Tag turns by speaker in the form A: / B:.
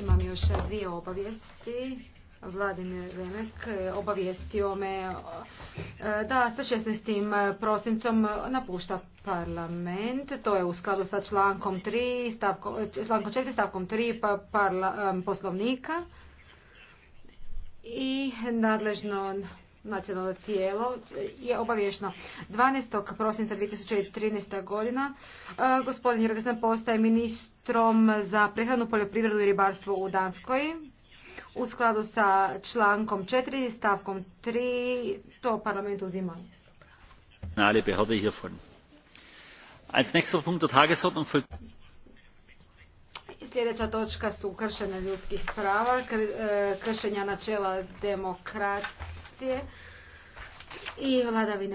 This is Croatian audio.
A: imam još dvije obavijesti Vladimir Remek obavijestio me e, da sa 16. prosincom napušta parlament. To je u skladu sa člankom 3, stavkom, člankom 4 stavkom 3 pa poslovnika i nadležno nacionalno tijelo je obavješno. 12. prosinca 2013. godina e, gospodin Jorgensen postaje ministrom za prehranu, poljoprivredu i ribarstvo u Danskoj. U skladu sa člankom 4 stavkom 3 to parlament uzima.
B: Alle hier Als nächster Punkt der Tagesordnung folgt
A: Sljedeća točka su kršenja ljudskih prava, e, kršenja načela demokracije korupcije i vladavine